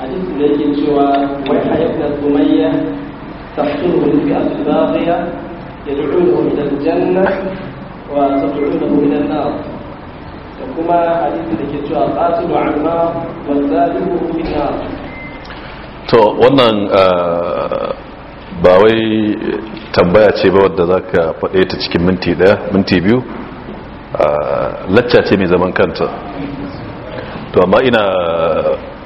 hadisi da yake cewa wai hayyata umayya tahsuhu fi asbaqiya yad'uhu ila aljanna wa tad'uhu ila an-nar da kuma hadisi da ke cewa qatilu amma wa zalimu fi to wannan ba wai tambaya ce ba wadda za ka faɗe ta cikin minti ɗaya minti biyu ah, lacca ce mai zaman kanta to amma ina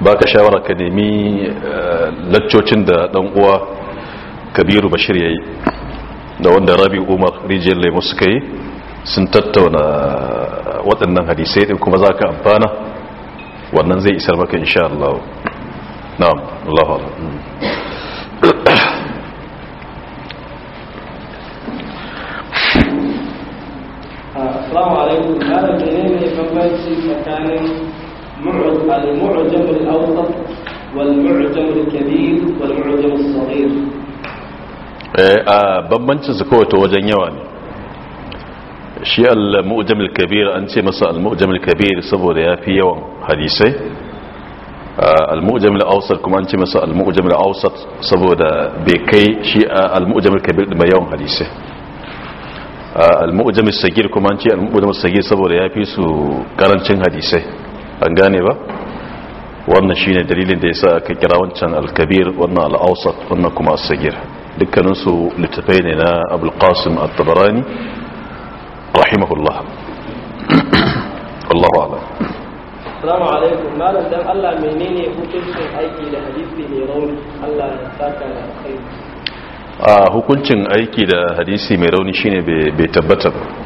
ba ka shawara ka nemi eh, laccocin da dan uwa kabiru bashir yayi yi da wanda rabi umar rijiyar laimu suka yi sun tattauna waɗannan hadisai ɗin kuma za ka amfana wannan zai isar maka insha Allah na'am Allah ah, Assalamu alaikum, da ne bambanci tsakanin المعجم الأوسط والمعجم الكبير والمعجم الصغير bambancin su kowace wajen yawa ne shi al-mu'jam kabir an ce masa al-mu'jam kabir saboda ya fi yawan hadisai al-mu'jam al-awsat kuma an ce masa al-mu'jam al-awsat saboda bai kai shi al-mu'jam kabir da yawan hadisai al-mu'jam al-sagir kuma an ce al-mu'jam al-sagir saboda fi su karancin hadisai an gane ba wannan shine dalilin da yasa aka kira wancan al-kabir wannan al-awsat wannan kuma as-sagir dukkanin su littafai ne na Abul Qasim At-Tabarani rahimahullah Allahu a'lam Assalamu alaikum malam dan Allah menene hukuncin aiki da hadisi mai rauni Allah ya saka da kai a ah, hukuncin aiki da hadisi mai rauni shine bai tabbata ba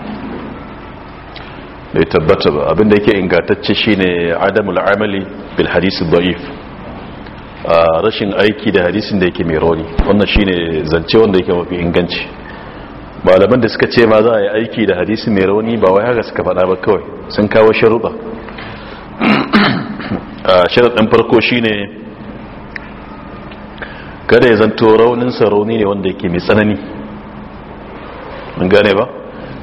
bai tabbata ba abinda yake ingantacce shine adamul amali bil hadisi da'if rashin aiki da hadisin da yake mai rauni wannan shine zance wanda yake mafi inganci malaman da suka ce ma za a yi aiki da hadisi mai rauni ba wai haka suka faɗa ba kawai sun kawo sharuɗa sharaɗin farko shine kada ya zanto rauninsa rauni ne wanda yake mai tsanani mun gane ba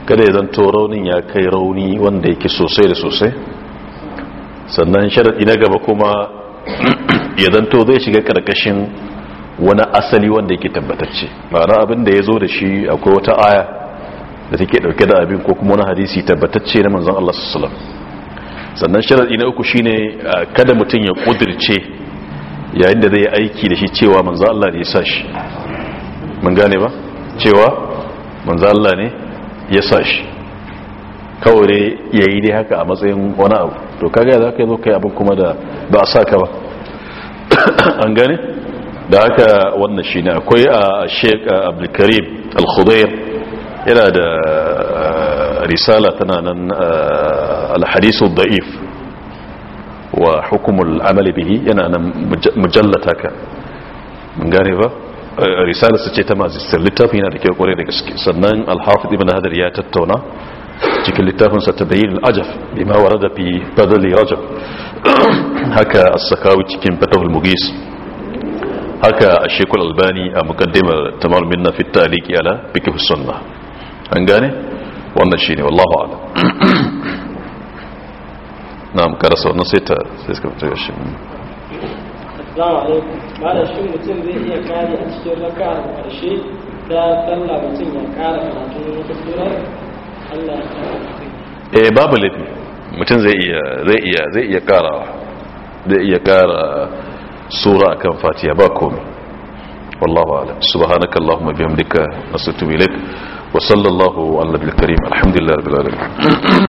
kada ya zanto raunin ya kai rauni wanda yake sosai da sosai sannan sharaɗi na gaba kuma ya zanto zai shiga ƙarƙashin wani asali wanda yake tabbatacce ma'ana abin da ya zo da shi akwai wata aya da take ɗauke da abin ko kuma wani hadisi tabbatacce na manzon Allah sallam sannan sharaɗi na uku shine kada mutum ya ƙudirce yayin da zai yi aiki da shi cewa manzon Allah ne ya sa shi mun gane ba cewa manzon Allah ne ya sa shi kawai dai ya yi dai haka a matsayin wani abu to kaga za ka yi zo kai abin kuma da ba a sa ka ba an gani da haka wannan shi ne akwai a sheik abdulkarim al-khudair yana da risala tana nan al-hadisu da'if wa hukumul amali bihi yana nan mujallata ka mun gane ba risalarsa ce ta mazistar littafin yana da kyau kwarai da gaske sannan alhafid ibn hadar ya tattauna cikin littafinsa ta bayin al'ajaf bima wa da fi fadali rajab haka as-sakawi cikin fatahul mugis haka a shekul albani a mukaddimar tamar minna fi taliki ala fiki sunna an gane wannan shine wallahu ala na mu karasa wannan sai ta sai suka fito yashi Assalamu alaikum. Malam shin mutum zai iya kare a cikin raka a ƙarshe ta sallah mutum ya kara karatu wata surar Allah ya kara. Eh babu laifi. Mutum zai iya zai iya zai iya karawa. Zai iya kara sura akan Fatiha ba komai. والله أعلم سبحانك اللهم بحمدك نستغفرك وصلى الله على النبي الكريم الحمد لله رب العالمين